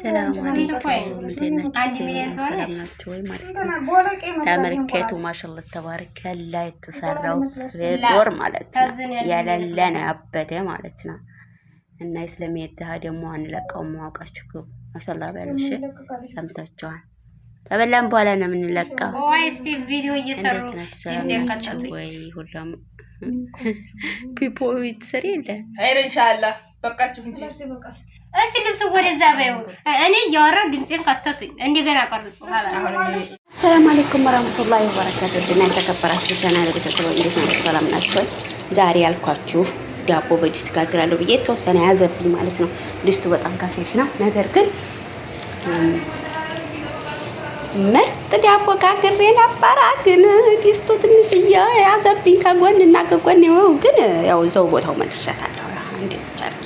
ሰላም አለይኩም ሰላም ተመልከቱ ማሻአላ ተባረከ ላይ የተሰራው ጦር ማለት ነው ያለለነ አበደ ማለት ነው። እና የእስላሚያ ድሀ ደግሞ አንለቀውም። ማውቃችሁ ግቡ ማሻአላ በልሽ ሰምታችኋል። ከበላን በኋላ ነው የምንለቀው። ፒፖ ትሰሪ የለ በቃችሁ እንጂ እስቲ ልብስ ወደዛ በይው። እኔ እያወራሁ ድምፄን ከተቱኝ እንደገና ቀርጹ። ሰላም አለይኩም ወራህመቱላሂ ወበረካቱ። ድና የተከበራችሁ ቻናል ቤተሰብ እንዴት ናችሁ? ሰላም ናችሁ? ዛሬ ያልኳችሁ ዳቦ በድስት ጋግራለሁ ብዬ ተወሰነ ያዘብኝ ማለት ነው። ድስቱ በጣም ከፌፍ ነው። ነገር ግን ምርጥ ዳቦ ጋግሬ ነበረ። ግን ድስቱ ትንሽ ያዘብኝ ከጎን እና ከጎን። ይኸው ግን ያው እዛው ቦታው መልሻታለሁ። እንዴት ጨርቄ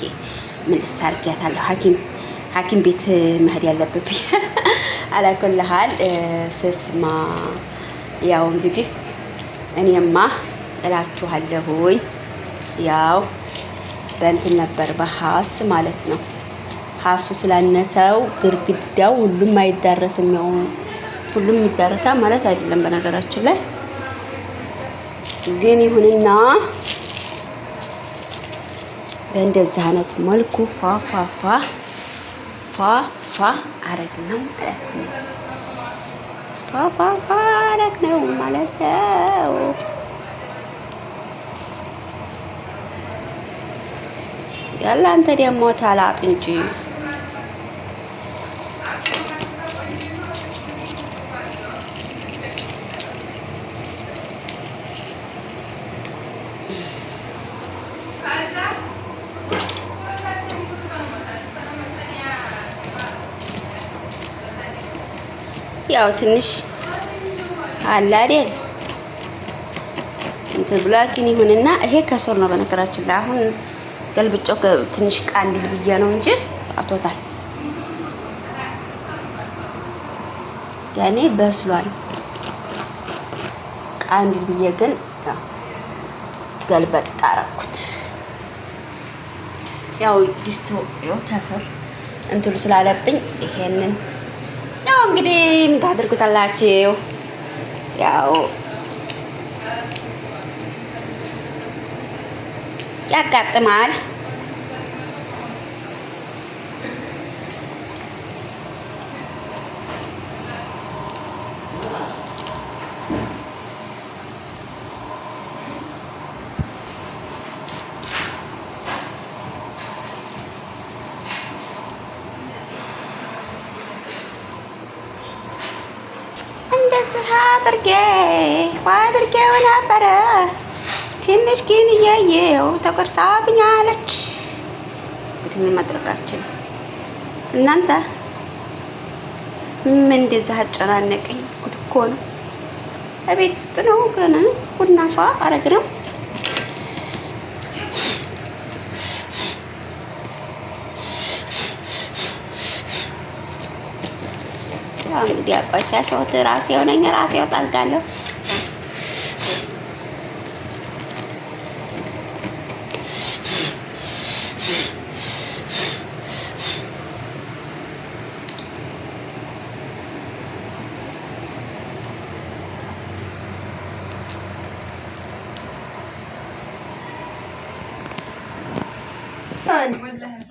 መልስ አድርጊያታለሁ። ሐኪም ሐኪም ቤት መሄድ ያለብብኝ አላኮልሃል ስስማ ያው እንግዲህ እኔማ እላችኋለሁኝ ያው በእንትን ነበር በሀስ ማለት ነው። ሀሱ ስላነሰው ግርግዳው ሁሉም አይዳረስም። ያው ሁሉም ይዳረሳ ማለት አይደለም በነገራችን ላይ ግን ይሁንና በእንደዚህ አይነት መልኩ ፏፏፏ ፋፋ አረግ ነው ማለት ነው። ፋፋፋ አረግ ነው ማለት ነው። ያለ አንተ ደግሞ ታላጥ እንጂ ያው ትንሽ አለ አይደል እንትን ብላኪን ይሁንና ይሄ ከስር ነው። በነገራችን ላይ አሁን ገልብጫው ትንሽ ቃንዲል ብዬ ነው እንጂ አቶታል ያኔ በስሏል። ቃንዲል ብዬ ግን ገልበጥ አደረኩት። ያው ዲስቶ ያው ተስር እንትሉ ስላለብኝ ይሄንን ያው እንግዲህ ምን ታደርጉታላችሁ? ያው ያጋጥማል። አድርጌ አድርጌ ነበረ ትንሽ ግን እያየው ተቆርሳብኝ እንግዲህ ምን ማድረግ አልችልም። እናንተ ምን እንደዚህ አጨናነቀኝ። ጉድ እኮ ነው። እቤት ውስጥ ነው ገና ቡና አረግ ነው ያው እንግዲህ አቆሻሸሁት። ራሴ ነኝ ራሴው ጠርጋለሁ።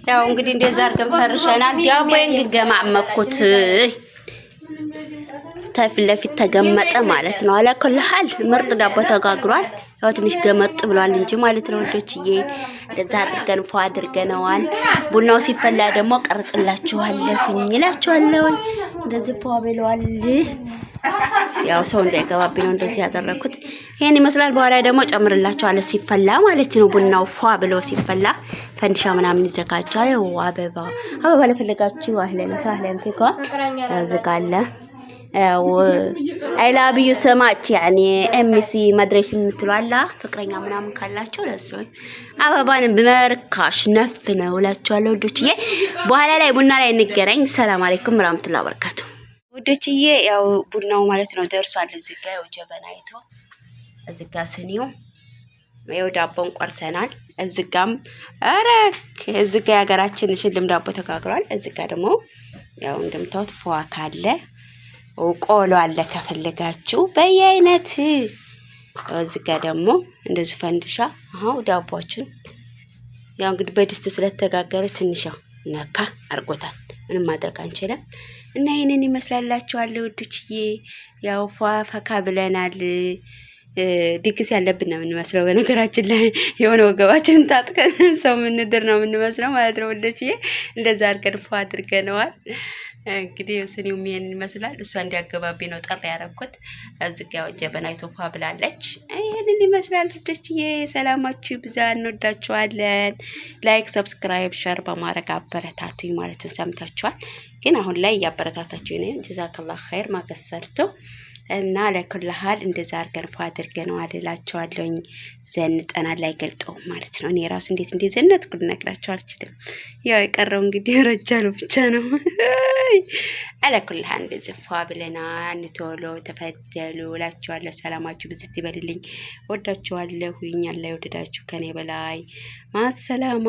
ያው እንግዲህ እንደዛ አድርገን ፈርሸናል። ዳቦዬን ግገማ አመኩት። ከፊት ለፊት ተገመጠ ማለት ነው። አላከልሃል ምርጥ ዳቦ ተጋግሯል። ያው ትንሽ ገመጥ ብሏል እንጂ ማለት ነው ልጆችዬ። እንደዛ አድርገን ፏ አድርገነዋል። ቡናው ሲፈላ ደግሞ ቀርጽላችኋለሁ እላችኋለሁ። እንደዚህ ፏ ብለዋል። ያው ሰው እንዳይገባብኝ ነው እንደዚህ ያደረኩት። ይሄን ይመስላል። በኋላ ደግሞ ጨምርላችኋለሁ ሲፈላ ማለት ነው። ቡናው ፏ ብሎ ሲፈላ ፈንዲሻ ምናምን ይዘጋጃል። አበባ አበባ ለፈለጋችሁ አህለን ሳህለን ፊኳ ያዝጋለ አይ ላቭ ሰማች ያኔ ኤምሲ መድረሽ የምትሉ ፍቅረኛ ምናምን ካላቸው ለስሮኝ አበባን በርካሽ ነፍ ነው እላችኋለሁ ወዶችዬ። በኋላ ላይ ቡና ላይ እንገናኝ። ሰላም አለይኩም ወራህመቱላሂ ወበረካቱ ወዶችዬ። ያው ቡናው ማለት ነው ደርሷል። እዚህ ጋር ያው ጀበና አይቶ እዚህ ስኒው ያው ዳቦን ቆርሰናል። እዚህ ጋርም ኧረ የሀገራችን ሽልም ዳቦ ተጋግሯል። እዚጋ ደግሞ ያው እንደምታዩት ፏ ካለ ቆሎ አለ ከፈለጋችሁ በየአይነት እዚህ ጋር ደግሞ እንደዚህ ፈንድሻ አሁን ዳቦችን ያው እንግዲህ በድስት ስለተጋገረ ትንሻ ነካ አድርጎታል። ምንም ማድረግ አንችልም እና ይህንን ይመስላላችኋል ውዶችዬ። ያው ፏፈካ ብለናል። ድግስ ያለብን ነው የምንመስለው። በነገራችን ላይ የሆነ ወገባችን ታጥቀን ሰው ምንድር ነው የምንመስለው ማለት ነው ውዶችዬ። እንደዛ አድርገን ፏ አድርገነዋል። እንግዲህ ስኒው ይሄን ይመስላል። እሷ እንዲያገባቢ ነው ጠራ ያደረኩት። እዚህ ያው ጀበና ይቶፋ ብላለች። ይሄንን ይመስላል። ፍቶችዬ የሰላማችሁ ብዛ፣ እንወዳችኋለን። ላይክ፣ ሰብስክራይብ፣ ሸር በማድረግ አበረታቱኝ ማለት ነው። ሰምታችኋል። ግን አሁን ላይ እያበረታታችሁ ነው። ጀዛከላህ ኸይር ማገሰርተው እና ለኩልሃል እንደዛ አርገን ፏ አድርገነዋል እላቸዋለሁኝ። ዘንጠናል አይገልጠውም ማለት ነው። እኔ ራሱ እንዴት እንደዘነጥኩ ልነግራቸው አልችልም። ያው የቀረው እንግዲህ ረጃ ነው ብቻ ነው። አለኩልሃል እንደዚህ ፏ ብለናል። ቶሎ ተፈደሉ እላቸዋለሁ። ሰላማችሁ ብዝት ይበልልኝ። ወዳችኋለሁ። ይኛላ የወደዳችሁ ከኔ በላይ ማሰላማ